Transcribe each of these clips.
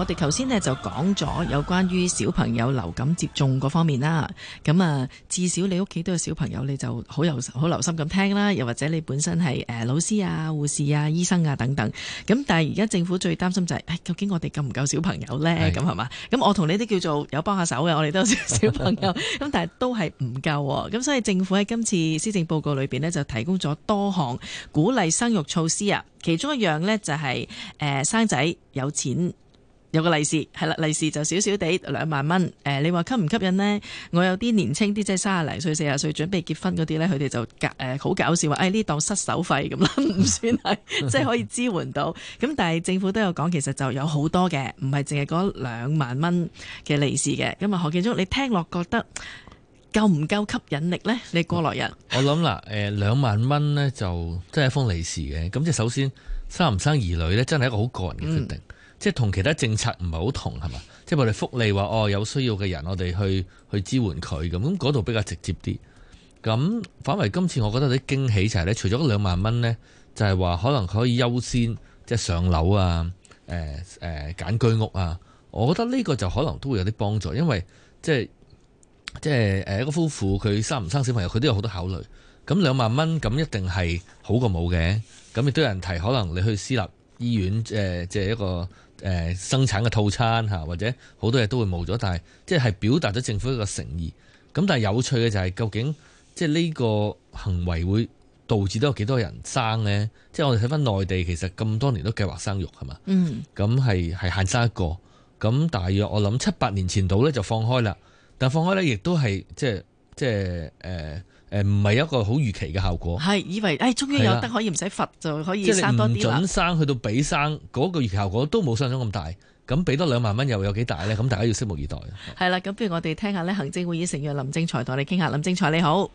我哋頭先咧就講咗有關於小朋友流感接種嗰方面啦。咁啊，至少你屋企都有小朋友，你就好有好留心咁聽啦。又或者你本身係誒、呃、老師啊、護士啊、醫生啊等等。咁但係而家政府最擔心就係、是哎、究竟我哋夠唔夠小朋友呢？的」咁係嘛？咁我同你都叫做有幫下手嘅，我哋都有小朋友咁， 但係都係唔夠、啊。咁所以政府喺今次施政報告裏邊呢，就提供咗多項鼓勵生育措施啊。其中一樣呢，就係、是、誒、呃、生仔有錢。有個利是，係啦，利是就少少地兩萬蚊。呃，你話吸唔吸引呢？我有啲年輕啲，即係三十零歲、四十歲準備結婚嗰啲呢，佢哋就好、呃、搞笑話，誒呢檔失手費咁啦，唔算係即係可以支援到。咁但係政府都有講，其實就有好多嘅，唔係淨係嗰兩萬蚊嘅利是嘅。咁啊，何建中，你聽落覺得夠唔夠吸引力呢？你過來人，我諗啦，誒、呃、兩萬蚊呢，就真係一封利是嘅。咁即係首先生唔生兒女呢，真係一個好個人嘅決定。嗯即係同其他政策唔係好同係嘛？即係我哋福利話哦，有需要嘅人我哋去去支援佢咁，咁嗰度比較直接啲。咁反為今次我、就是就是可可呃呃，我覺得啲驚喜就係咧，除咗兩萬蚊呢，就係話可能可以優先即係上樓啊，誒誒揀居屋啊。我覺得呢個就可能都會有啲幫助，因為即係即係誒一個夫婦佢生唔生小朋友，佢都有好多考慮。咁兩萬蚊咁一定係好過冇嘅。咁亦都有人提，可能你去私立醫院、呃、即係一個。誒生產嘅套餐吓，或者好多嘢都會冇咗，但係即係表達咗政府一個誠意。咁但係有趣嘅就係、是，究竟即係呢個行為會導致到有多幾多人生呢？即係我哋睇翻內地，其實咁多年都計劃生育係嘛？是嗯，咁係係限生一個，咁大約我諗七八年前度呢就放開啦。但放開呢亦都係即係即係誒。呃誒唔係一個好預期嘅效果，係以為誒終於有得可以唔使罰的就可以生多啲啦。你唔准生，去到俾生嗰、那個預期效果都冇上升咁大，咁俾多兩萬蚊又有幾大咧？咁的大家要拭目以待。係啦，咁不如我哋聽下咧，行政會議成員林正財同你傾下。林正財你好。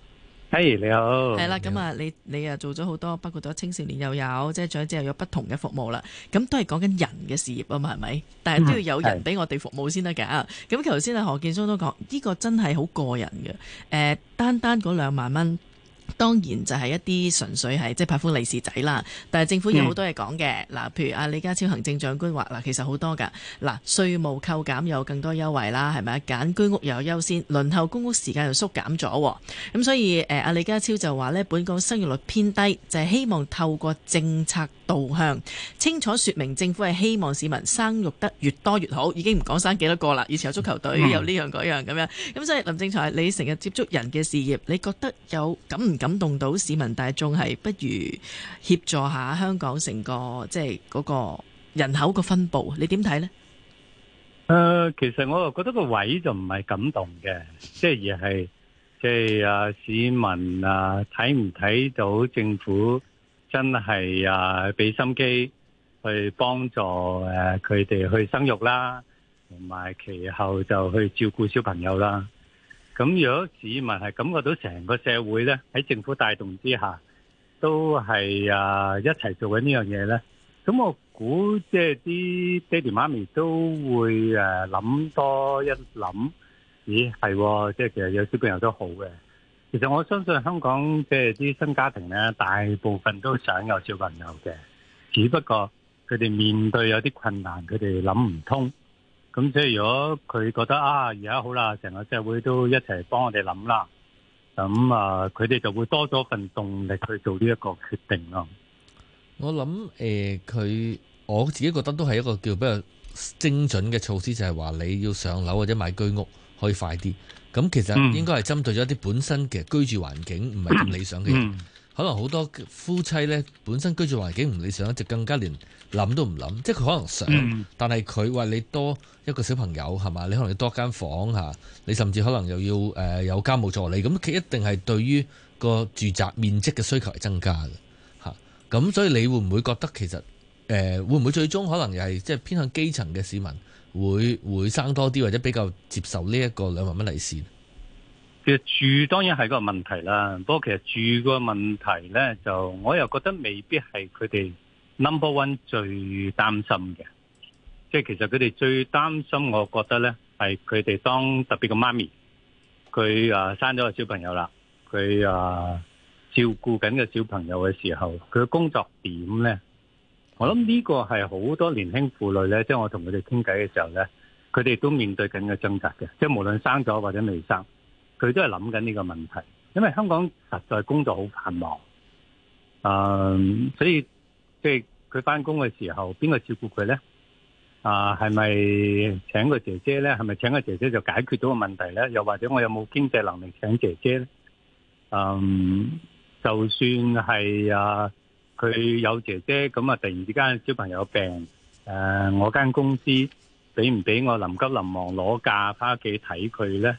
嘿、hey,，你好係啦，咁啊，你你啊做咗好多，包括到青少年又有，即係長者又有不同嘅服務啦。咁都係講緊人嘅事業啊嘛，係咪？但係都要有人俾我哋服務先得嘅啊。咁頭先啊何建松都講呢、這個真係好過癮嘅誒、呃，單單嗰兩萬蚊。當然就係一啲純粹係即係拍風利是仔啦，但係政府有好多嘢講嘅嗱，譬、嗯、如阿李家超行政長官話嗱，其實好多㗎嗱，稅務扣減有更多優惠啦，係咪啊？揀居屋又有優先，輪候公屋時間又縮減咗，咁所以誒，阿李家超就話呢，本港生育率偏低，就係、是、希望透過政策。導向清楚說明政府係希望市民生育得越多越好，已經唔講生幾多個啦。以前有足球隊，有呢樣嗰樣咁樣。咁所以林正財，你成日接觸人嘅事業，你覺得有感唔感動到市民大眾？係不如協助下香港成個即係嗰個人口個分佈，你點睇咧？誒，其實我又覺得個位就唔係感動嘅，即係而係即係啊市民啊睇唔睇到政府？真係啊，俾心機去幫助誒佢哋去生育啦，同埋其後就去照顧小朋友啦。咁如果市民係感覺到成個社會咧喺政府帶動之下，都係啊一齊做緊呢樣嘢咧，咁我估即係啲爹哋媽咪都會誒諗多一諗，咦，係，即係其實有小朋友都好嘅。其實我相信香港即係啲新家庭咧，大部分都想有小朋友嘅，只不過佢哋面對有啲困難，佢哋諗唔通。咁即係如果佢覺得啊，而家好啦，成個社會都一齊幫我哋諗啦，咁啊，佢哋就會多咗份動力去做呢一個決定咯。我諗誒，佢、呃、我自己覺得都係一個叫比較精準嘅措施，就係、是、話你要上樓或者買居屋可以快啲。咁其實應該係針對咗一啲本身嘅居住環境唔係咁理想嘅人，嗯、可能好多夫妻呢，本身居住環境唔理想，就更加連諗都唔諗，即係佢可能想，嗯、但係佢話你多一個小朋友係嘛？你可能要多間房嚇、啊，你甚至可能又要、呃、有家務助理，咁佢一定係對於個住宅面積嘅需求係增加嘅嚇。咁、啊、所以你會唔會覺得其實誒、呃、會唔會最終可能又係即係偏向基層嘅市民？會會生多啲或者比較接受呢一個兩萬蚊利是。其實住當然係個問題啦，不過其實住個問題咧，就我又覺得未必係佢哋 number one 最擔心嘅。即係其實佢哋最擔心，我覺得咧係佢哋當特別個媽咪，佢啊生咗個小朋友啦，佢啊照顧緊個小朋友嘅時候，佢嘅工作點咧？我諗呢個係好多年輕婦女咧，即係我同佢哋傾偈嘅時候咧，佢哋都面對緊嘅掙扎嘅，即係無論生咗或者未生，佢都係諗緊呢個問題，因為香港實在工作好繁忙，嗯，所以即係佢翻工嘅時候，邊個照顧佢咧？啊，係咪請個姐姐咧？係咪請個姐姐就解決到個問題咧？又或者我有冇經濟能力請姐姐咧？嗯，就算係啊。佢有姐姐，咁啊！突然之間小朋友病，誒、呃，我間公司俾唔俾我臨急臨忙攞假翻屋企睇佢呢？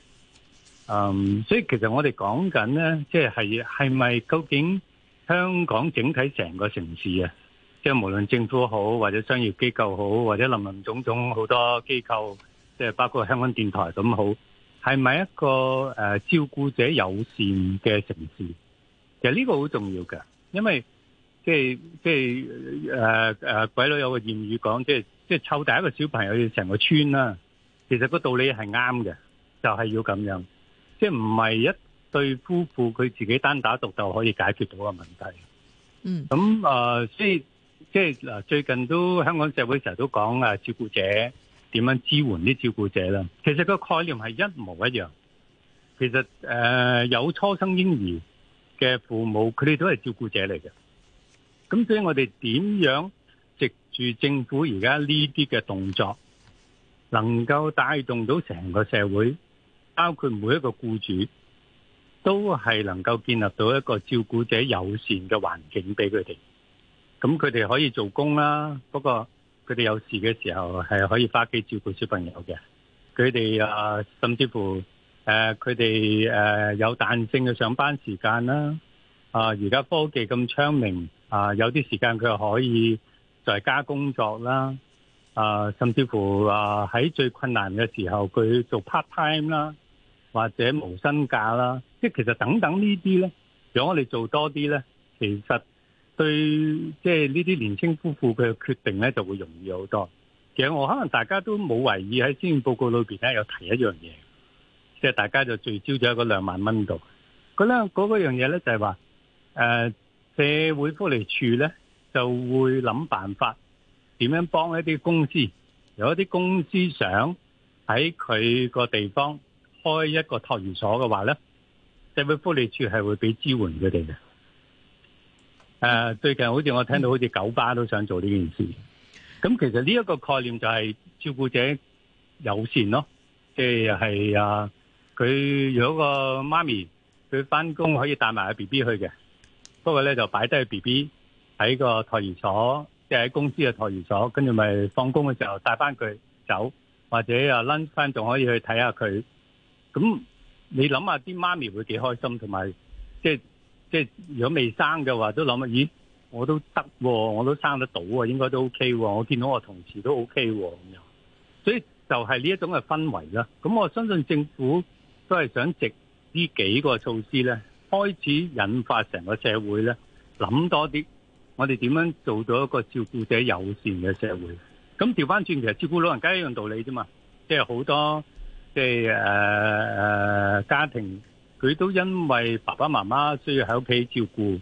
嗯，所以其實我哋講緊呢，即係係咪究竟香港整體成個城市啊，即係無論政府好，或者商業機構好，或者林林總總好多機構，即係包括香港電台咁好，係咪一個誒、呃、照顧者友善嘅城市？其實呢個好重要嘅，因為即係即係誒誒，鬼佬有個諺語講，即係即係湊第一個小朋友要成個村啦、啊。其實個道理係啱嘅，就係、是、要咁樣，即係唔係一對夫婦佢自己單打獨鬥可以解決到個問題。嗯，咁啊、呃，所以即係嗱，最近都香港社會成日都講啊，照顧者點樣支援啲照顧者啦。其實個概念係一模一樣。其實誒、呃，有初生嬰兒嘅父母，佢哋都係照顧者嚟嘅。咁所以我哋點樣藉住政府而家呢啲嘅動作，能夠帶動到成個社會，包括每一個僱主，都係能夠建立到一個照顧者友善嘅環境俾佢哋。咁佢哋可以做工啦，不過佢哋有事嘅時候係可以返屋企照顧小朋友嘅。佢哋啊，甚至乎誒，佢哋誒有彈性嘅上班時間啦。啊，而家科技咁昌明。啊，有啲時間佢可以在家工作啦，啊，甚至乎啊喺最困難嘅時候佢做 part time 啦，或者無薪假啦，即係其實等等呢啲咧，如果我哋做多啲咧，其實對即係呢啲年青夫婦嘅決定咧就會容易好多。其實我可能大家都冇留意喺施政報告裏邊咧有提一樣嘢，即係大家就聚焦咗喺，嗰個兩萬蚊度。嗰兩嗰樣嘢咧就係話誒。呃社會福利署咧就會諗辦法，點樣幫一啲公司，如果啲公司想喺佢個地方開一個托兒所嘅話咧，社會福利署係會俾支援佢哋嘅。誒、啊，最近好似我聽到好似九巴都想做呢件事。咁其實呢一個概念就係照顧者友善咯，即、就、係、是、啊，佢如果個媽咪佢返工可以帶埋個 B B 去嘅。不過咧就擺低 B B 喺個托兒所，即係喺公司嘅托兒所，跟住咪放工嘅時候帶返佢走，或者啊 lunch 返仲可以去睇下佢。咁你諗下啲媽咪會幾開心，同埋即係即係如果未生嘅話都諗下咦我都得、啊，我都生得到喎、啊，應該都 OK 喎、啊。我見到我同事都 OK 喎咁樣，所以就係、是、呢一種嘅氛圍啦。咁我相信政府都係想藉呢幾個措施咧。開始引發成個社會咧，諗多啲，我哋點樣做到一個照顧者友善嘅社會？咁調翻轉，其實照顧老人家一樣道理啫嘛。即係好多即係誒家庭，佢都因為爸爸媽媽需要喺屋企照顧，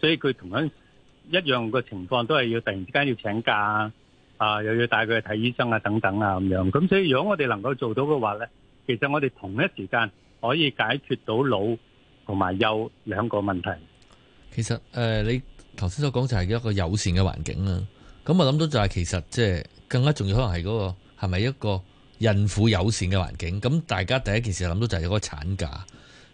所以佢同樣一樣嘅情況都係要突然之間要請假啊，又要帶佢去睇醫生啊，等等啊咁樣。咁所以如果我哋能夠做到嘅話咧，其實我哋同一時間可以解決到老。同埋有兩個問題。其實誒、呃，你頭先所講就係一個友善嘅環境啦。咁我諗到就係其實即係更加重要，可能係嗰、嗰個係咪一個孕婦友善嘅環境。咁大家第一件事諗到就係嗰個產假。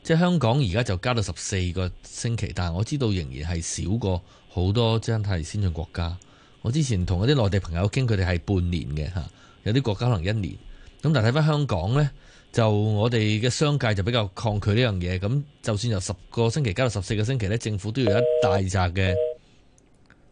即係香港而家就加到十四個星期，但係我知道仍然係少過好多即係先進國家。我之前同嗰啲內地朋友傾，佢哋係半年嘅嚇，有啲國家可能一年。咁但係睇翻香港呢。就我哋嘅商界就比較抗拒呢樣嘢，咁就算由十個星期加到十四個星期呢，政府都要有一大扎嘅，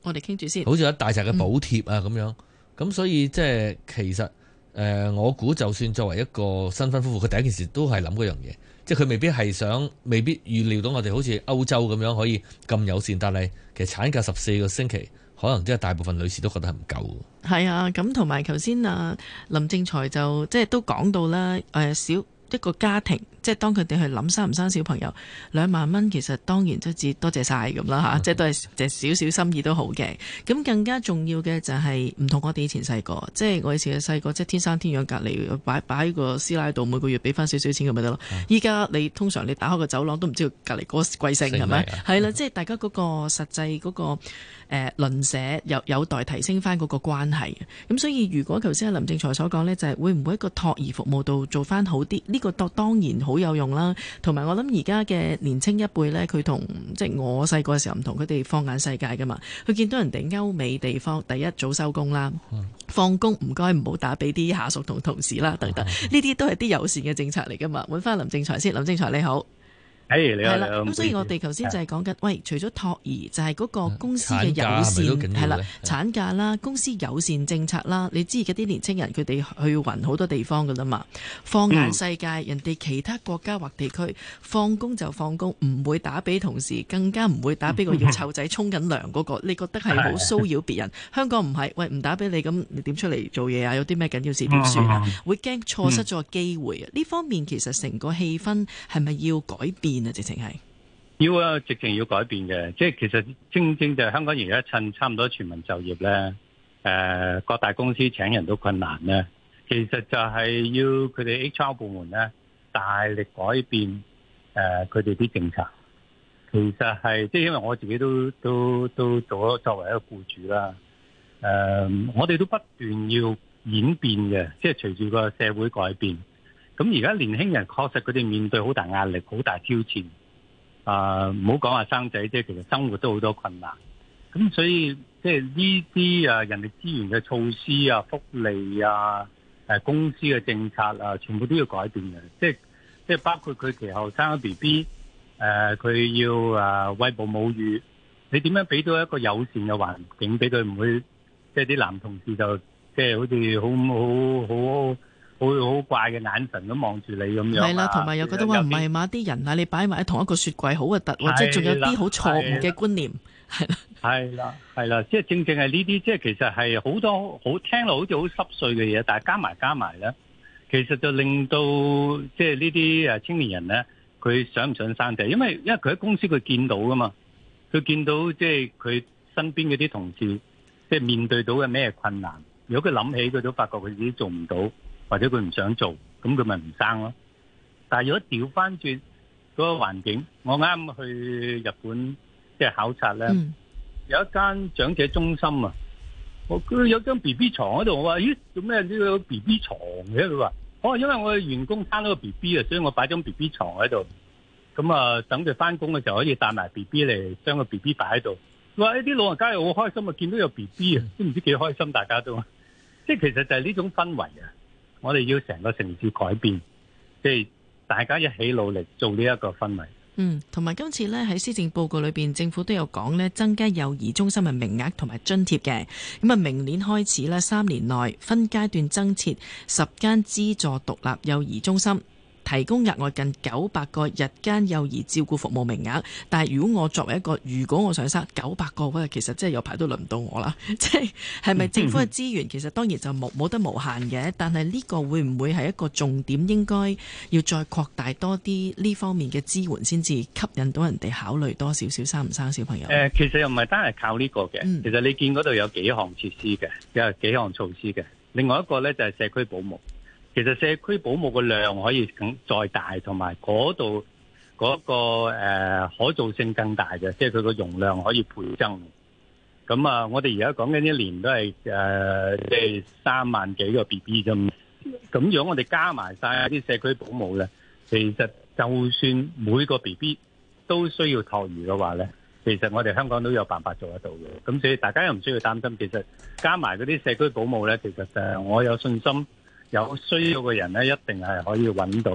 我哋傾住先，好似有一大扎嘅補貼啊咁樣，咁所以即係其實誒，我估就算作為一個新婚夫婦，佢第一件事都係諗嗰樣嘢，即係佢未必係想，未必預料到我哋好似歐洲咁樣可以咁友善，但係其實產假十四個星期。可能即係大部分女士都覺得係唔夠喎。係啊，咁同埋頭先啊，林正財就即係都講到啦，誒少一個家庭。即係當佢哋去諗生唔生小朋友，兩萬蚊其實當然都只多謝晒咁啦嚇，即係都係隻少少心意都好嘅。咁更加重要嘅就係唔同我哋以前細個，即係我以前嘅細個，即係天生天養隔離擺擺個師奶度，每個月俾翻少少錢咁咪得咯。依家、啊、你通常你打開個走廊都唔知道隔離嗰個貴姓係咪？係啦，即係大家嗰個實際嗰、那個誒鄰、呃、舍有有待提升翻嗰個關係。咁所以如果頭先阿林正財所講呢，就係、是、會唔會一個托兒服務度做翻好啲？呢、這個當然好。好有用啦，同埋我諗而家嘅年青一輩呢，佢同即係我細個嘅時候唔同，佢哋放眼世界噶嘛，佢見到人哋歐美地方第一早收工啦，放工唔該唔好打俾啲下屬同同事啦等等，呢啲都係啲友善嘅政策嚟噶嘛，揾翻林正財先，林正財你好。係啦，咁所以我哋頭先就係講緊，喂，除咗托兒，就係嗰個公司嘅友善，係啦，產假啦，公司友善政策啦，你知而家啲年青人佢哋去揾好多地方㗎啦嘛，放眼世界，人哋其他國家或地區放工就放工，唔會打俾同事，更加唔會打俾個要湊仔、沖緊涼嗰個，你覺得係好騷擾別人？香港唔係，喂，唔打俾你咁，你點出嚟做嘢啊？有啲咩緊要事點算啊？會驚錯失咗機會啊？呢方面其實成個氣氛係咪要改變？啊！直情係要啊，直情要改變嘅。即係其實正正就係香港而家趁差唔多全民就業咧，誒各大公司請人都困難咧。其實就係要佢哋 HR 部門咧，大力改變誒佢哋啲政策。其實係即係因為我自己都都都做咗作為一個僱主啦。誒，我哋都不斷要演變嘅，即係隨住個社會改變。咁而家年輕人確實佢哋面對好大壓力，好大挑戰。啊，唔好講話生仔，即係，其實生活都好多困難。咁所以即係呢啲啊人力資源嘅措施啊、福利啊、誒公司嘅政策啊，全部都要改變嘅。即係即係包括佢其後生咗 B B，誒佢要誒餵哺母乳，你點樣俾到一個友善嘅環境俾佢，唔會即係啲男同事就即係好似好好好，會好怪嘅眼神咁望住你咁樣，係啦，同埋又覺得話唔係嘛，啲人啊，你擺埋喺同一個雪櫃好核突，或者仲有啲好錯誤嘅觀念，係啦，係啦，係啦，即係正正係呢啲，即係其實係好多好聽落好似好濕碎嘅嘢，但係加埋加埋咧，其實就令到即係呢啲誒青年人咧，佢想唔想生仔？因為因為佢喺公司佢見到噶嘛，佢見到即係佢身邊嗰啲同事，即係面對到嘅咩困難，如果佢諗起佢都發覺佢自己做唔到。或者佢唔想做，咁佢咪唔生咯。但係如果調翻轉嗰個環境，我啱去日本即係考察咧，嗯、有一間長者中心啊，我佢有張 B B 床喺度，我話咦做咩呢個 B B 床嘅？佢話我係因為我嘅員工生咗個 B B 啊，所以我擺張 B B 床喺度。咁、嗯、啊，等佢翻工嘅時候可以帶埋 B B 嚟，將個 B B 擺喺度。佢話呢啲老人家又好開心啊，見到有 B B 啊，都唔知幾開心，大家都，即係其實就係呢種氛圍啊。我哋要成個城市改變，即係大家一起努力做呢一個氛圍。嗯，同埋今次呢，喺施政報告裏面，政府都有講呢，增加幼兒中心嘅名額同埋津貼嘅。咁啊，明年開始呢，三年內分階段增設十間資助獨立幼兒中心。提供額外近九百個日間幼兒照顧服務名額，但如果我作為一個，如果我想生九百個位，其實真係有排都輪唔到我啦。即係係咪政府嘅資源其實當然就冇冇得無限嘅，但係呢個會唔會係一個重點，應該要再擴大多啲呢方面嘅支援，先至吸引到人哋考慮多少少生唔生小朋友？呃，其實又唔係單係靠呢個嘅。嗯、其實你見嗰度有幾項設施嘅，有幾項措施嘅。另外一個呢，就係社區保姆。其實社區保姆嘅量可以更再大，同埋嗰度嗰個誒、呃、可造性更大嘅，即係佢個容量可以倍增。咁啊，我哋而家講緊一年都係誒即係三萬幾個 BB 啫。咁如果我哋加埋晒啲社區保姆咧，其實就算每個 BB 都需要托兒嘅話咧，其實我哋香港都有辦法做得到嘅。咁所以大家又唔需要擔心。其實加埋嗰啲社區保姆咧，其實我有信心。有需要嘅人咧，一定係可以揾到、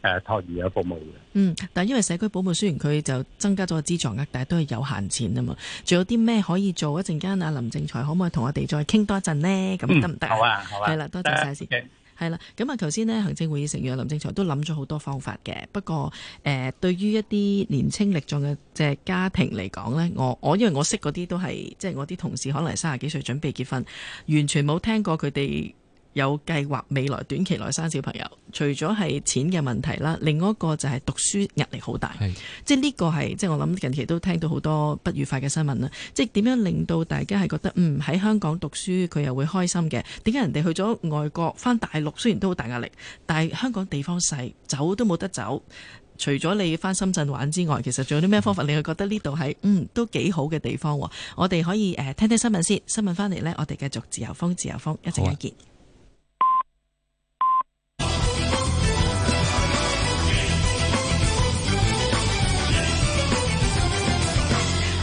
啊、托兒嘅服務嘅。嗯，但係因為社區保姆雖然佢就增加咗個資助額，但係都係有限錢啊嘛。仲有啲咩可以做？一陣間啊林正財可唔可以同我哋再傾多一陣咧？咁得唔得？行行啊好啊，好啊。係啦，多謝晒先。係啦，咁啊，頭先咧行政會議成員林正財都諗咗好多方法嘅。不過誒、呃，對於一啲年輕力壯嘅即係家庭嚟講呢，我我因為我識嗰啲都係即係我啲同事可能三十幾歲準備結婚，完全冇聽過佢哋。有計劃未來短期內生小朋友，除咗係錢嘅問題啦，另外一個就係讀書壓力好大。是即係呢個係即係我諗近期都聽到好多不愉快嘅新聞啦。即係點樣令到大家係覺得嗯喺香港讀書佢又會開心嘅？點解人哋去咗外國，翻大陸雖然都好大壓力，但係香港地方細，走都冇得走。除咗你翻深圳玩之外，其實仲有啲咩方法令佢覺得呢度係嗯都幾好嘅地方？我哋可以誒、呃、聽聽新聞先。新聞翻嚟呢，我哋繼續自由風自由風，一陣間見。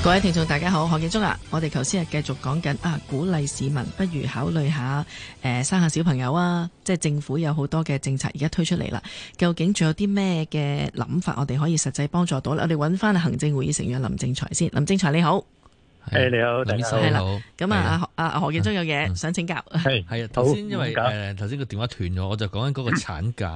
各位聽眾大家好，何建中啊，我哋頭先係繼續講緊啊，鼓勵市民不如考慮下誒、呃、生下小朋友啊，即係政府有好多嘅政策而家推出嚟啦，究竟仲有啲咩嘅諗法，我哋可以實際幫助到呢？我哋揾翻行政會議成員林正財先，林正財你好，你好，林 Sir 咁啊，的啊，啊何建中有嘢的想請教，係係頭先因為頭頭先個電話斷咗，我就講緊嗰個產假，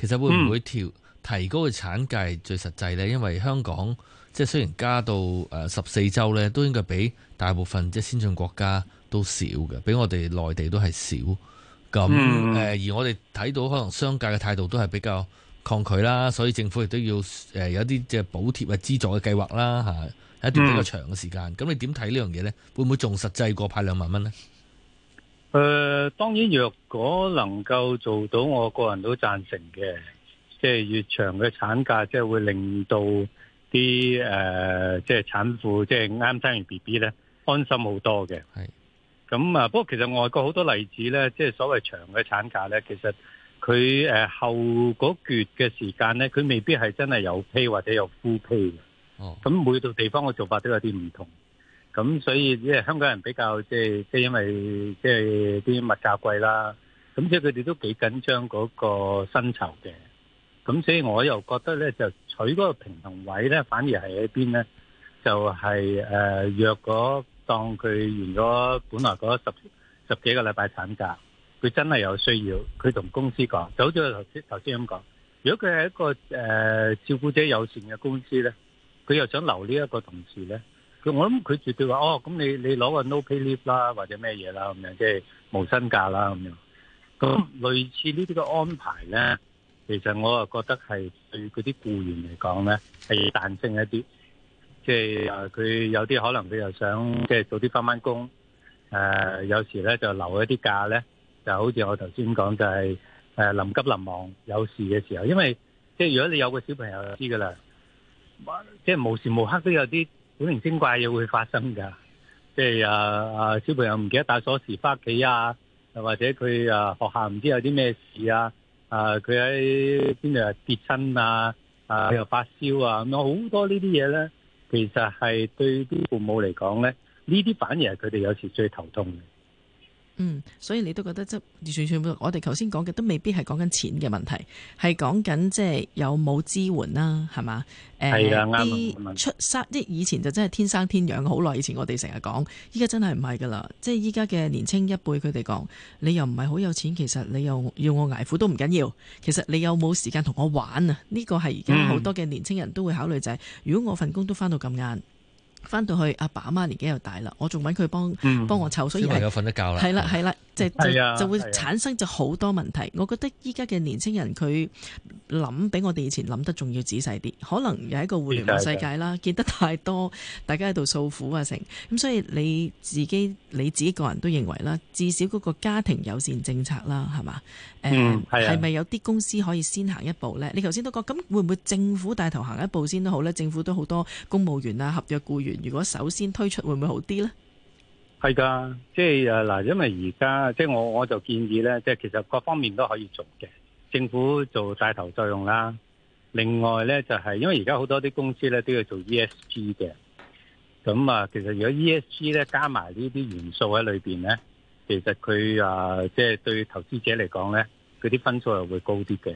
其實會唔會調提高個產假最實際呢，因為香港。即係雖然加到誒十四週咧，都應該比大部分即係先進國家都少嘅，比我哋內地都係少。咁誒，嗯、而我哋睇到可能商界嘅態度都係比較抗拒啦，所以政府亦都要誒有一啲即係補貼啊、資助嘅計劃啦，嚇一段比較長嘅時間。咁、嗯、你點睇呢樣嘢咧？會唔會仲實際過派兩萬蚊咧？誒、呃，當然若果能夠做到，我個人都贊成嘅。即、就、係、是、越長嘅產假，即係會令到。啲誒、呃、即係產婦即係啱生完 B B 咧，安心好多嘅。咁啊是！不過其實外國好多例子咧，即係所謂長嘅產假咧，其實佢誒、呃、後嗰段嘅時間咧，佢未必係真係有 pay 或者有 full pay 嘅。哦，咁每度地方嘅做法都有啲唔同。咁所以即係香港人比較即係即係因為即係啲物價貴啦。咁即係佢哋都幾緊張嗰個薪酬嘅。咁所以我又覺得咧就。喺嗰個平衡位咧，反而係喺邊咧？就係誒，若果當佢完咗本來嗰十十幾個禮拜產假，佢真係有需要，佢同公司講，就好似頭先頭先咁講。如果佢係一個誒照顧者友善嘅公司咧，佢又想留呢一個同事咧，我諗佢絕對話：哦，咁你你攞個 no pay leave 啦，或者咩嘢啦，咁樣即係無薪假啦咁樣。咁類似呢啲嘅安排咧。其實我又覺得係對嗰啲僱員嚟講咧，係彈性一啲，即係啊，佢有啲可能佢又想即係、就是、早啲返返工，誒、呃，有時咧就留一啲假咧，就好似我頭先講，就係誒臨急臨忙有事嘅時候，因為即係、就是、如果你有個小朋友就知噶啦，即係、就是、無時無刻都有啲古靈精怪嘢會發生噶，即係啊啊小朋友唔記得帶鎖匙翻屋企啊，又或者佢啊、呃、學校唔知有啲咩事啊。啊！佢喺邊度啊？跌親啊！啊，又發燒啊！咁好多這些東西呢啲嘢咧，其實係對啲父母嚟講咧，呢啲反而係佢哋有時最頭痛嘅。嗯，所以你都覺得即完全我哋頭先講嘅都未必係講緊錢嘅問題，係講緊即有冇支援啦，係嘛？誒啲出生即以前就真係天生天養，好耐以前我哋成日講，依家真係唔係㗎喇，即依家嘅年青一輩佢哋講，你又唔係好有錢，其實你又要我捱苦都唔緊要，其實你又有冇時間同我玩啊？呢個係而家好多嘅年青人都會考慮就係，嗯、如果我份工都返到咁晏。翻到去阿爸阿媽年紀又大啦，我仲揾佢幫幫我湊，所以小朋友瞓得覺啦。係啦的，係啦、嗯。就，就，就會產生好多問題。啊啊、我覺得依家嘅年青人佢諗比我哋以前諗得仲要仔細啲，可能有一個互聯網世界啦，啊啊、見得太多，大家喺度訴苦啊成咁，所以你自己你自己個人都認為啦，至少嗰個家庭友善政策啦，係嘛？誒、嗯，係咪、啊、有啲公司可以先行一步呢？你頭先都講，咁會唔會政府帶頭行一步先都好呢？政府都好多公務員啊、合約僱員，如果首先推出，會唔會好啲呢？係噶，即係誒嗱，因為而家即係我我就建議咧，即係其實各方面都可以做嘅。政府做帶頭作用啦，另外咧就係、是、因為而家好多啲公司咧都要做 E S G 嘅，咁啊，其實如果 E S G 咧加埋呢啲元素喺裏邊咧，其實佢啊即係對投資者嚟講咧，佢啲分數又會高啲嘅。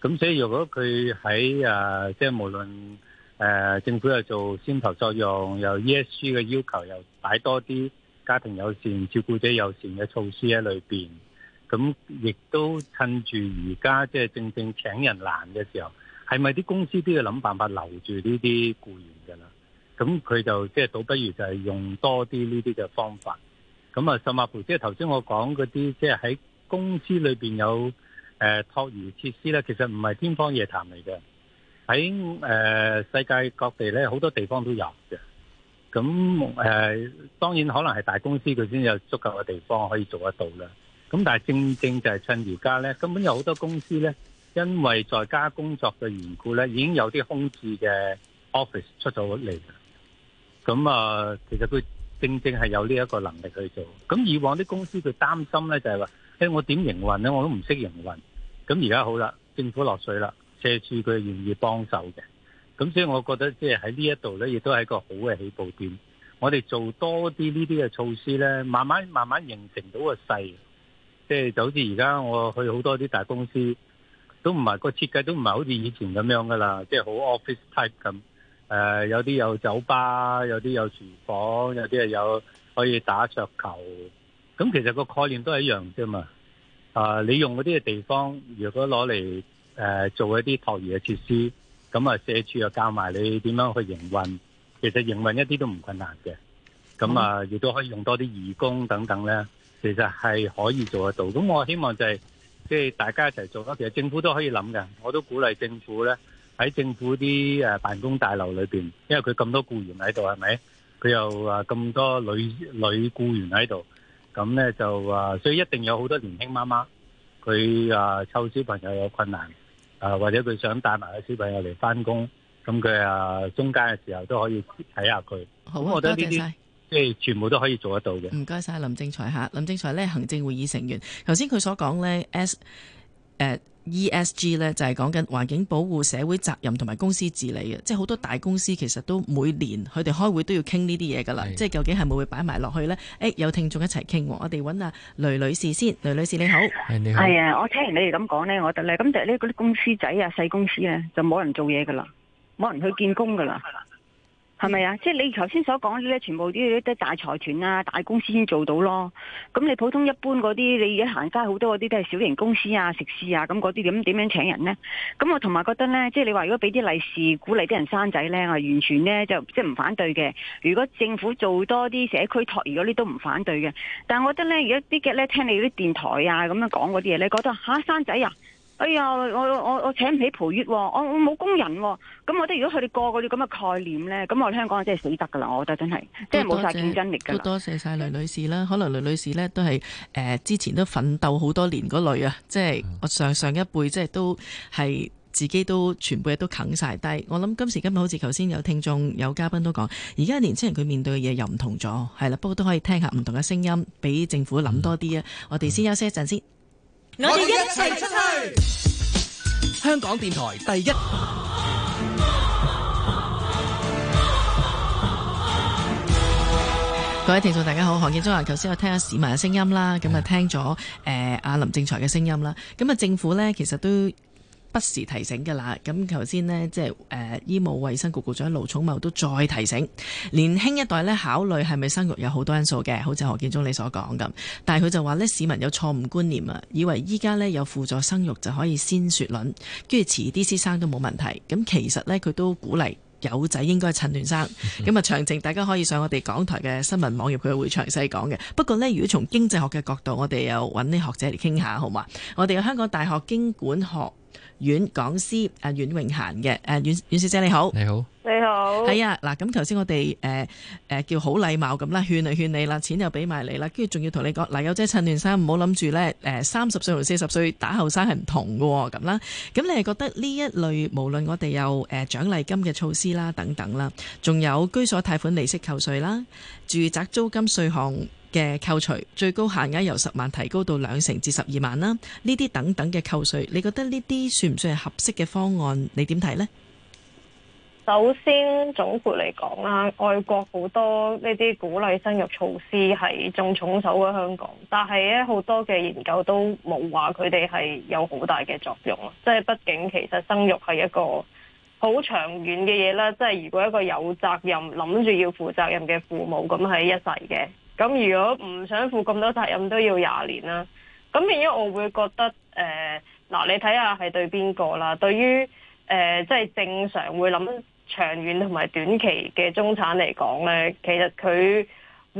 咁所以如果佢喺誒即係無論誒、啊、政府又做先頭作用，又 E S G 嘅要求又擺多啲。家庭友善、照顧者友善嘅措施喺裏邊，咁亦都趁住而家即係正正請人難嘅時候，係咪啲公司都要諗辦法留住呢啲僱員㗎啦？咁佢就即係、就係、倒不如就係用多啲呢啲嘅方法。咁啊，十培，即係頭先我講嗰啲，即係喺公司裏邊有誒、呃、託兒設施咧，其實唔係天方夜譚嚟嘅。喺誒、呃、世界各地咧，好多地方都有嘅。咁誒，當然可能係大公司佢先有足夠嘅地方可以做得到啦。咁但係正正就係趁而家呢，根本有好多公司呢，因為在家工作嘅緣故呢，已經有啲空置嘅 office 出咗嚟。咁啊，其實佢正正係有呢一個能力去做。咁以往啲公司佢擔心呢，就係話，誒我點營運呢，我都唔識營運。咁而家好啦，政府落水啦，社署佢願意幫手嘅。咁所以，我覺得即係喺呢一度咧，亦都係一個好嘅起步點，我哋做多啲呢啲嘅措施咧，慢慢慢慢形成到個勢，即係就好似而家我去好多啲大公司，都唔係個設計都唔係好似以前咁樣噶啦，即係好 office type 咁。誒、呃、有啲有酒吧，有啲有廚房，有啲係有可以打桌球。咁其實個概念都係一樣啫嘛。啊、呃，你用嗰啲嘅地方，如果攞嚟誒做一啲托兒嘅設施。咁啊，社署又教埋你點樣去營運，其實營運一啲都唔困難嘅。咁啊，亦都可以用多啲義工等等咧，其實係可以做得到。咁我希望就係即係大家一齊做啦。其實政府都可以諗嘅，我都鼓勵政府咧，喺政府啲誒辦公大樓裏邊，因為佢咁多僱員喺度，係咪？佢又話咁多女女僱員喺度，咁咧就話，所以一定有好多年輕媽媽，佢啊湊小朋友有困難。啊，或者佢想帶埋個小朋友嚟返工，咁佢啊中間嘅時候都可以睇下佢。好啊，多謝晒，即係全部都可以做得到嘅。唔該晒林正財嚇。林正財咧，行政會議成員。頭先佢所講咧，S Uh, ESG 咧就係講緊環境保護、社會責任同埋公司治理嘅，即係好多大公司其實都每年佢哋開會都要傾呢啲嘢㗎啦，是的 即係究竟係咪會擺埋落去呢？誒、哎、有聽眾一齊傾，我哋揾啊雷女士先，雷女士你好，係你好，係啊、哎！我聽完你哋咁講呢，我覺得咧，咁就係呢嗰啲公司仔啊、細公司咧，就冇人做嘢㗎啦，冇人去見工㗎啦。係咪啊？即係你頭先所講啲咧，全部啲都大財團啊、大公司先做到咯。咁你普通一般嗰啲，你而家行街好多嗰啲都係小型公司啊、食肆啊咁嗰啲，咁點樣請人呢？咁我同埋覺得呢，即係你話如果俾啲利是鼓勵啲人生仔呢，我完全呢就即係唔反對嘅。如果政府做多啲社區托兒嗰啲都唔反對嘅。但係我覺得呢，而家啲嘅呢聽你啲電台啊咁樣講嗰啲嘢你覺得下生仔啊！哎呀，我我我請唔起陪月，我我冇工人喎。咁我哋如果佢哋過嗰啲咁嘅概念咧，咁我哋香港真係死得㗎啦！我覺得真係，即係冇晒競爭力㗎。多多謝晒雷女士啦。可能雷女士咧都係誒、呃、之前都奮鬥好多年嗰類啊。即係我上上一輩即係都係自己都全部嘢都啃晒低。我諗今時今日好似頭先有聽眾有嘉賓都講，而家年輕人佢面對嘅嘢又唔同咗，係啦。不過都可以聽下唔同嘅聲音，俾政府諗多啲啊。我哋先休息一陣先。我哋一齊出去！香港電台第一，各位聽眾大家好，何建中啊，頭先我聽下市民嘅聲音啦，咁啊聽咗誒阿林正財嘅聲音啦，咁啊政府咧其實都。不時提醒㗎啦。咁頭先呢，即係誒、呃，醫務衛生局局長盧寵茂都再提醒年輕一代呢考慮係咪生育有好多因素嘅，好似何建中你所講咁。但係佢就話呢，市民有錯誤觀念啊，以為依家呢有輔助生育就可以先雪卵，跟住遲啲先生都冇問題。咁其實呢，佢都鼓勵有仔應該趁嫩生咁啊。嗯、哼詳情大家可以上我哋港台嘅新聞網頁，佢會詳細講嘅。不過呢，如果從經濟學嘅角度，我哋又揾啲學者嚟傾下，好嘛？我哋有香港大學經管學。阮講師阿阮穎嫻嘅，誒阮阮小姐你好，你好，你好，係啊，嗱，咁頭先我哋誒誒叫好禮貌咁啦，勸嚟勸你啦，錢又俾埋你啦，跟住仲要同你講，嗱，有仔趁嫩生，唔好諗住咧，誒三十歲同四十歲打後生係唔同嘅，咁啦，咁你係覺得呢一類，無論我哋有誒獎勵金嘅措施啦，等等啦，仲有居所貸款利息扣稅啦，住宅租金稅項。嘅扣除最高限額由十萬提高到兩成至十二萬啦。呢啲等等嘅扣稅，你覺得呢啲算唔算係合適嘅方案？你點睇咧？首先總括嚟講啦，外國好多呢啲鼓勵生育措施係仲重手嘅，香港，但係咧好多嘅研究都冇話佢哋係有好大嘅作用，即係畢竟其實生育係一個好長遠嘅嘢，啦。即係如果一個有責任諗住要負責任嘅父母咁喺一世嘅。咁如果唔想負咁多責任，都要廿年啦。咁，變咗我會覺得誒嗱、呃，你睇下係對邊個啦？對於誒，即、呃、係、就是、正常會諗長遠同埋短期嘅中產嚟講咧，其實佢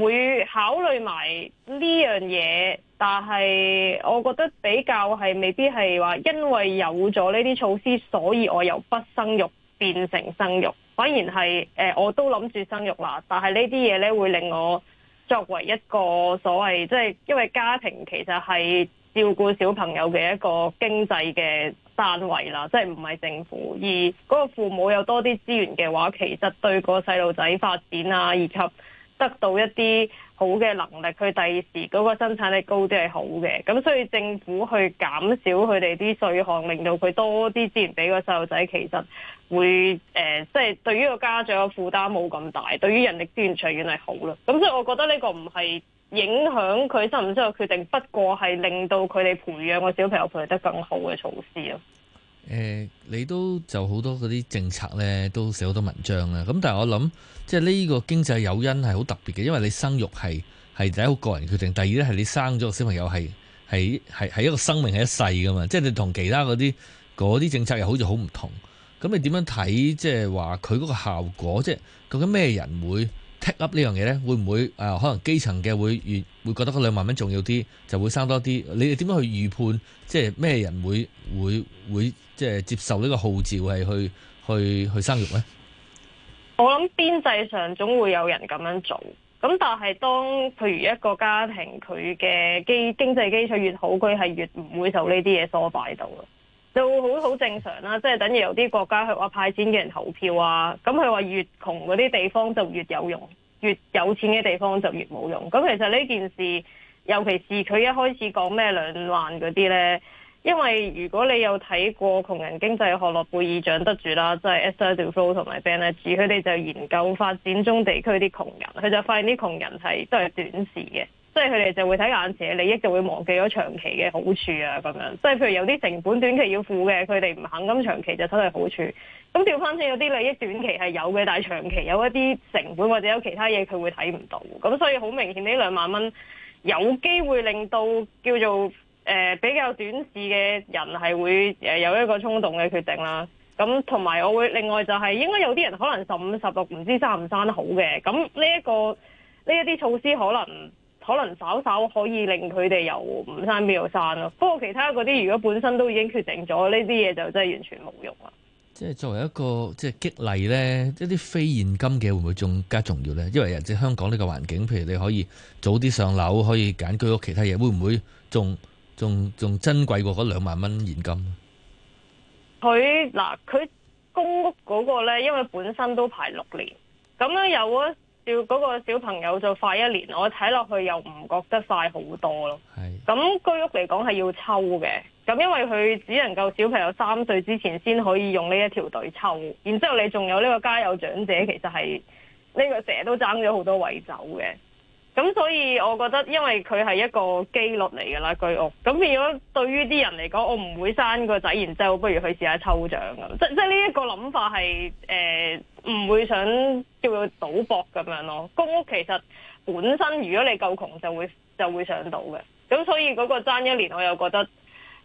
會考慮埋呢樣嘢，但係我覺得比較係未必係話，因為有咗呢啲措施，所以我由不生育變成生育。反而係誒、呃，我都諗住生育啦，但係呢啲嘢咧會令我。作為一個所謂即係，就是、因為家庭其實係照顧小朋友嘅一個經濟嘅單位啦，即係唔係政府，而嗰個父母有多啲資源嘅話，其實對個細路仔發展啊，以及得到一啲好嘅能力，佢第時嗰個生產力高啲係好嘅，咁所以政府去減少佢哋啲稅項，令到佢多啲資源俾個細路仔，其實會誒，即係、呃就是、對於個家長嘅負擔冇咁大，對於人力資源長遠係好啦。咁所以我覺得呢個唔係影響佢生唔生嘅決定，不過係令到佢哋培養個小朋友培養得更好嘅措施咯。誒、嗯，你都就好多嗰啲政策呢，都寫好多文章啦。咁但係我諗，即係呢個經濟誘因係好特別嘅，因為你生育係係第一個個人決定，第二呢係你生咗個小朋友係係係係一個生命係一世噶嘛。即係你同其他嗰啲啲政策又好似好唔同。咁你點樣睇即係話佢嗰個效果？即係究竟咩人會？take up 呢樣嘢呢，會唔會誒、呃？可能基層嘅會越會覺得嗰兩萬蚊重要啲，就會生多啲。你哋點樣去預判，即係咩人會會會即係接受呢個號召，係去去去生育呢？我諗邊際上總會有人咁樣做，咁但係當譬如一個家庭佢嘅基經濟基礎越好，佢係越唔會受呢啲嘢唆擺到就好好正常啦，即係等於有啲國家佢話派錢嘅人投票啊，咁佢話越窮嗰啲地方就越有用，越有錢嘅地方就越冇用。咁其實呢件事，尤其是佢一開始講咩兩萬嗰啲呢，因為如果你有睇過窮人經濟學諾貝爾獎得主啦，即係 Esther Duflo 同埋 Banerjee，佢哋就研究發展中地區啲窮人，佢就發現啲窮人係都係短視嘅。即係佢哋就會睇眼前嘅利益，就會忘記咗長期嘅好處啊！咁樣即係譬如有啲成本短期要付嘅，佢哋唔肯咁長期就睇嚟好處。咁調翻轉有啲利益短期係有嘅，但係長期有一啲成本或者有其他嘢，佢會睇唔到。咁所以好明顯呢兩萬蚊有機會令到叫做誒、呃、比較短視嘅人係會誒有一個衝動嘅決定啦。咁同埋我會另外就係應該有啲人可能十五十六唔知生唔生得好嘅。咁呢一個呢一啲措施可能。可能稍稍可以令佢哋由唔生變到生咯。不過其他嗰啲如果本身都已經決定咗，呢啲嘢就真係完全冇用啦。即係作為一個即係激勵呢，一啲非現金嘅會唔會仲加重要呢？因為人哋香港呢個環境，譬如你可以早啲上樓，可以揀居屋，其他嘢會唔會仲仲仲珍貴過嗰兩萬蚊現金？佢嗱佢公屋嗰個呢，因為本身都排六年，咁樣有啊。要嗰個小朋友就快一年，我睇落去又唔覺得快好多咯。咁居屋嚟講係要抽嘅，咁因為佢只能夠小朋友三歲之前先可以用呢一條隊抽，然之後你仲有呢個家有長者，其實係呢個成日都爭咗好多位走嘅。咁所以我覺得，因為佢係一個機率嚟㗎啦，居屋。咁變咗，對於啲人嚟講，我唔會生個仔，然之後不如去試下抽獎咁。即即呢一個諗法係誒。呃唔會想叫佢賭博咁樣咯，公屋其實本身如果你夠窮就會就會上到嘅，咁所以嗰個爭一年我又覺得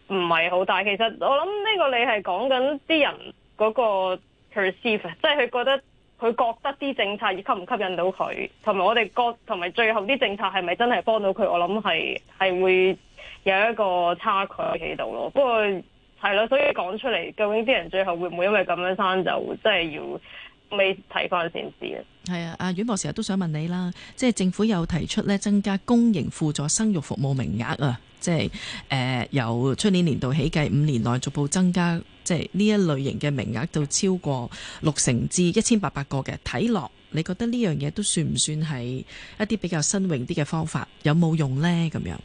唔係好大。其實我諗呢個你係講緊啲人嗰個 perceive，即係佢覺得佢覺得啲政策吸唔吸引到佢，同埋我哋覺同埋最後啲政策係咪真係幫到佢？我諗係係會有一個差距喺度咯。不過係咯，所以講出嚟究竟啲人最後會唔會因為咁樣生就真係、即係、要？未睇翻先知啊！係啊，阿阮博士成日都想問你啦，即係政府有提出咧增加公營輔助生育服務名額啊，即係誒、呃、由出年年度起計五年內逐步增加，即係呢一類型嘅名額就超過六成至一千八百個嘅，睇落，你覺得呢樣嘢都算唔算係一啲比較新穎啲嘅方法？有冇用呢？咁樣？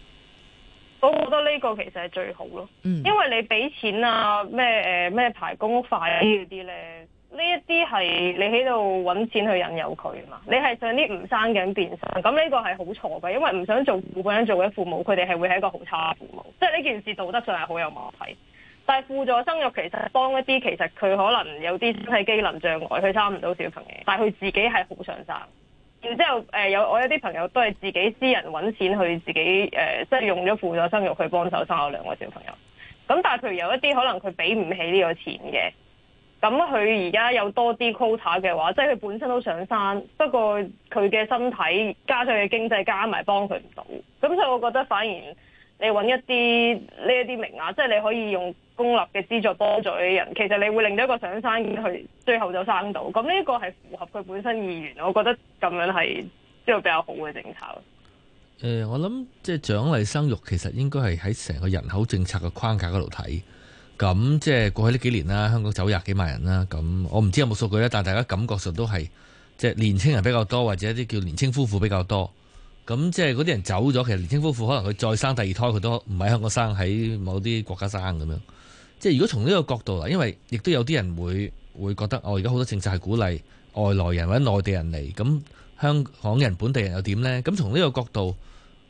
我覺得呢個其實係最好咯，嗯、因為你俾錢啊，咩誒咩排公屋快啊，這些呢啲咧。嗯呢一啲係你喺度揾錢去引誘佢嘛？你係想啲唔生嘅人變相，咁呢個係好錯嘅，因為唔想做父母嘅人做嘅父母，佢哋係會係一個好差嘅父母，即係呢件事道德上係好有問題。但係輔助生育其實幫一啲其實佢可能有啲身體機能障礙，佢生唔到小朋友，但係佢自己係好想生。然之後誒、呃、有我有啲朋友都係自己私人揾錢去自己誒、呃，即係用咗輔助生育去幫手生咗兩個小朋友。咁但係譬如有一啲可能佢俾唔起呢個錢嘅。咁佢而家有多啲 quota 嘅話，即係佢本身都想生，不過佢嘅身體加上佢嘅經濟加埋幫佢唔到，咁所以我覺得反而你揾一啲呢一啲名額，即係你可以用公立嘅資助多咗啲人，其實你會令到一個想生去最後就生到，咁呢個係符合佢本身意願，我覺得咁樣係即係比較好嘅政策。誒、呃，我諗即係獎勵生育其實應該係喺成個人口政策嘅框架嗰度睇。咁即係過去呢幾年啦，香港走廿幾萬人啦。咁我唔知有冇數據咧，但係大家感覺上都係即係年青人比較多，或者啲叫年青夫婦比較多。咁即係嗰啲人走咗，其實年青夫婦可能佢再生第二胎，佢都唔喺香港生，喺某啲國家生咁樣。即係如果從呢個角度嚟，因為亦都有啲人會會覺得，哦，而家好多政策係鼓勵外來人或者內地人嚟，咁香港人本地人又點呢？咁從呢個角度。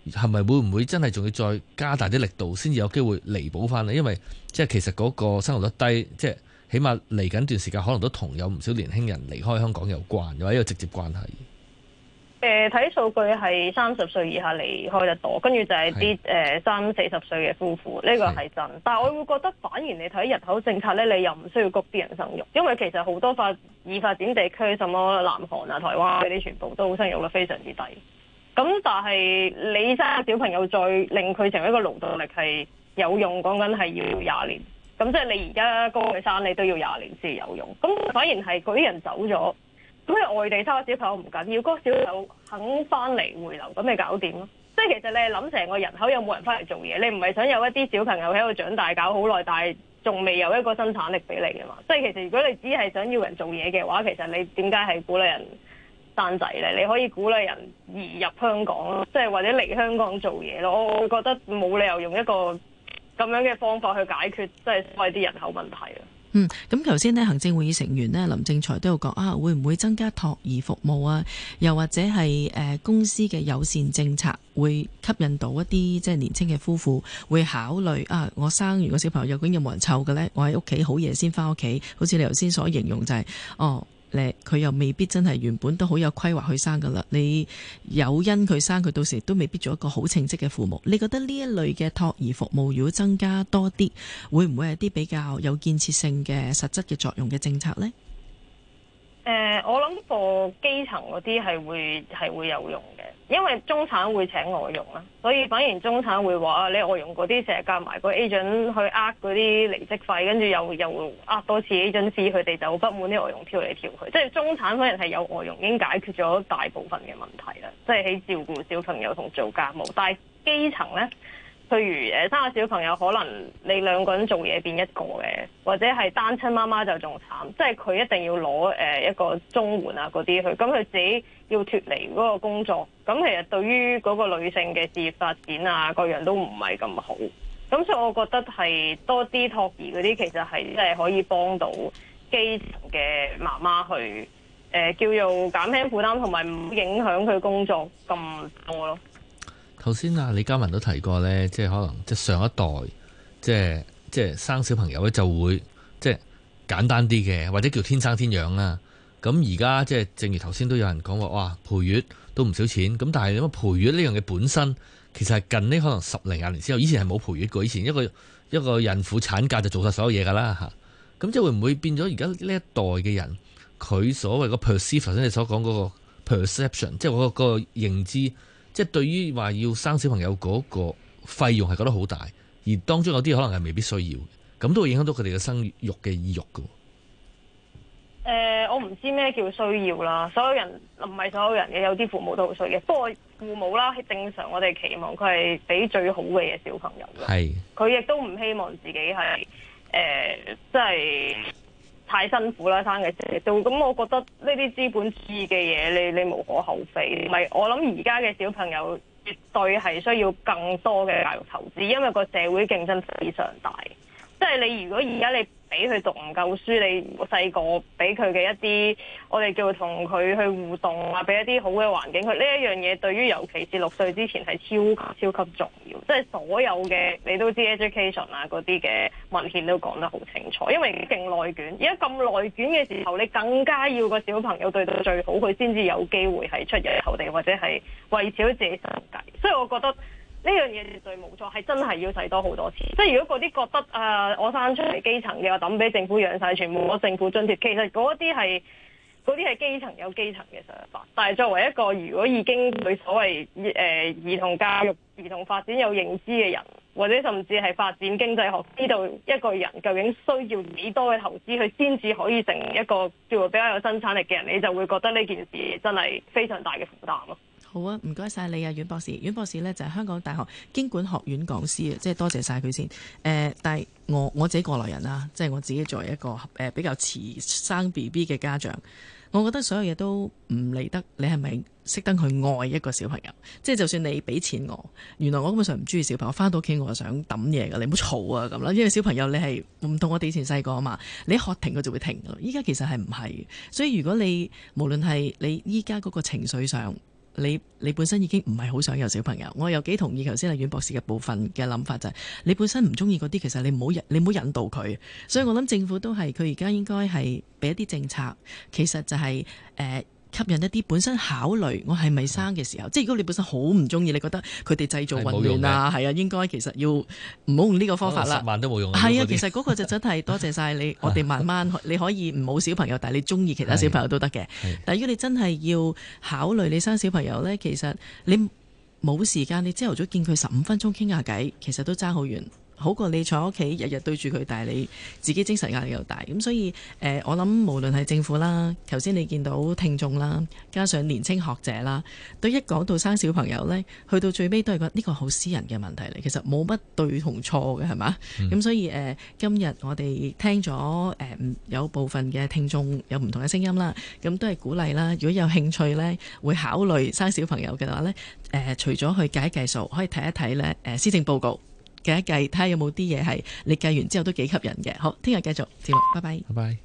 係咪會唔會真係仲要再加大啲力度先至有機會彌補翻咧？因為即係其實嗰個生育率低，即係起碼嚟緊段時間可能都同有唔少年輕人離開香港有關，有呢個直接關係。誒、呃，睇數據係三十歲以下離開得多，跟住就係啲誒三四十歲嘅夫婦，呢的個係真。是的但係我會覺得，反而你睇人口政策呢，你又唔需要谷啲人生育，因為其實好多發已發展地區，什麼南韓啊、台灣嗰啲，全部都生育率非常之低。咁但係你生小朋友再令佢成為一個勞動力係有，有用，講緊係要廿年。咁即係你而家高佢生，你都要廿年先有用。咁反而係嗰啲人走咗，咁外地生小朋友唔緊要，嗰個小朋友肯翻嚟回流，咁你搞掂咯。即係其實你係諗成個人口有冇人翻嚟做嘢？你唔係想有一啲小朋友喺度長大搞好耐，但係仲未有一個生產力俾你噶嘛？即係其實如果你只係想要人做嘢嘅話，其實你點解係鼓勵人？生仔，你可以鼓勵人移入香港咯，即係或者嚟香港做嘢咯。我覺得冇理由用一個咁樣嘅方法去解決，即係所謂啲人口問題啊。嗯，咁頭先咧，行政會議成員咧，林正財都有講啊，會唔會增加託兒服務啊？又或者係誒、啊、公司嘅友善政策，會吸引到一啲即係年青嘅夫婦會考慮啊？我生完個小朋友，究竟有冇人湊嘅呢，我喺屋企好夜先翻屋企，好似你頭先所形容就係、是、哦。啊佢又未必真係原本都好有規劃去生㗎喇，你有因佢生佢到時都未必做一個好稱職嘅父母。你覺得呢一類嘅託兒服務如果增加多啲，會唔會係啲比較有建設性嘅實質嘅作用嘅政策呢？誒、呃，我諗呢個基層嗰啲係會係會有用。因為中產會請外傭啦，所以反而中產會話你外傭嗰啲成日夾埋個 agent 去呃嗰啲離職費，跟住又又呃多次 agency，佢哋就不滿啲外傭跳嚟跳去。即係中產反而係有外傭已經解決咗大部分嘅問題啦，即係喺照顧小朋友同做家務。但係基層呢。譬如誒生下小朋友，可能你兩個人做嘢，變一個嘅，或者係單親媽媽就仲慘，即係佢一定要攞誒一個綜援啊嗰啲去，咁佢自己要脫離嗰個工作，咁其實對於嗰個女性嘅事業發展啊，各樣都唔係咁好。咁所以我覺得係多啲托兒嗰啲，其實，係即係可以幫到基層嘅媽媽去誒、呃、叫做減輕負擔同埋唔影響佢工作咁多咯。頭先啊，李嘉文都提過呢，即係可能即係上一代，即係即係生小朋友呢就會即係簡單啲嘅，或者叫天生天養啊。咁而家即係正如頭先都有人講話，哇，陪月都唔少錢。咁但係你話陪月呢樣嘢本身其實係近呢可能十零廿年之後，以前係冇陪月過，以前一個一個孕婦產假就做晒所有嘢㗎啦嚇。咁即係會唔會變咗而家呢一代嘅人，佢所謂個 perception，即係你所講嗰 per、嗰個 perception，即係嗰個認知？即係對於話要生小朋友嗰個費用係覺得好大，而當中有啲可能係未必需要嘅，咁都會影響到佢哋嘅生育嘅意欲嘅。誒，我唔知咩叫需要啦，所有人唔係所有人嘅，有啲父母都好需要嘅。不過父母啦，係正常我哋期望佢係俾最好嘅嘢小朋友嘅，係佢亦都唔希望自己係誒，即係。太辛苦啦，生嘅事到咁，我覺得呢啲資本主義嘅嘢，你你無可厚非。唔係，我諗而家嘅小朋友絕對係需要更多嘅教育投資，因為個社會競爭非常大。即係你如果而家你俾佢讀唔夠書，你細個俾佢嘅一啲，我哋叫同佢去互動啊，俾一啲好嘅環境。佢呢一樣嘢對於尤其是六歲之前係超超級重要，即係所有嘅你都知 education 啊嗰啲嘅文獻都講得好清楚，因為勁內卷。而家咁內卷嘅時候，你更加要個小朋友對到最好，佢先至有機會係出人頭地或者係為小自己生計。所以我覺得。呢樣嘢絕對冇錯，係真係要使多好多錢。即係如果嗰啲覺得啊，我生出嚟基層嘅話，抌俾政府養晒，全部攞政府津貼，其實嗰啲係嗰啲係基層有基層嘅想法。但係作為一個如果已經對所謂誒、呃、兒童教育、兒童發展有認知嘅人，或者甚至係發展經濟學知道一個人究竟需要幾多嘅投資，佢先至可以成一個叫做比較有生產力嘅人，你就會覺得呢件事真係非常大嘅負擔咯。好啊，唔該晒你啊，阮博士。阮博士呢就係、是、香港大學經管學院講師啊，即係多謝晒佢先。呃、但係我我自己過來人啦，即係我自己作為一個、呃、比較遲生 B B 嘅家長，我覺得所有嘢都唔理得。你係咪識得去愛一個小朋友？即係就算你俾錢我，原來我根本上唔中意小朋友翻到屋企，我又想揼嘢㗎，你唔好嘈啊，咁啦，因為小朋友你係唔同我哋以前細個啊嘛。你學停，佢就會停咯。依家其實係唔係？所以如果你無論係你依家嗰個情緒上，你你本身已經唔係好想有小朋友，我又幾同意頭先阮博士嘅部分嘅諗法，就係，就係你本身唔中意嗰啲，其實你唔好引你唔好引導佢，所以我諗政府都係佢而家應該係俾一啲政策，其實就係、係、誒。呃吸引一啲本身考慮我係咪生嘅時候，是即係如果你本身好唔中意，你覺得佢哋製造混亂啊，係啊，應該其實要唔好用呢個方法啦。十萬都冇用。係啊，其實嗰個就真係 多謝晒你，我哋慢慢 你可以唔好小朋友，但係你中意其他小朋友都得嘅。是但係如果你真係要考慮你生小朋友咧，其實你冇時間，你朝頭早見佢十五分鐘傾下偈，其實都爭好遠。好過你坐屋企日日對住佢，但係你自己精神壓力又大。咁所以、呃、我諗無論係政府啦，頭先你見到聽眾啦，加上年輕學者啦，都一講到生小朋友呢，去到最尾都係覺得呢、呢個好私人嘅問題嚟。其實冇乜對同錯嘅係嘛。咁、嗯、所以、呃、今日我哋聽咗誒、呃、有部分嘅聽眾有唔同嘅聲音啦，咁、嗯、都係鼓勵啦。如果有興趣呢，會考慮生小朋友嘅話呢，呃、除咗去解計一數，可以睇一睇呢施、呃、政報告。計一計，睇下有冇啲嘢係你計完之後都幾吸引嘅。好，聽日繼續節目，拜拜。拜拜。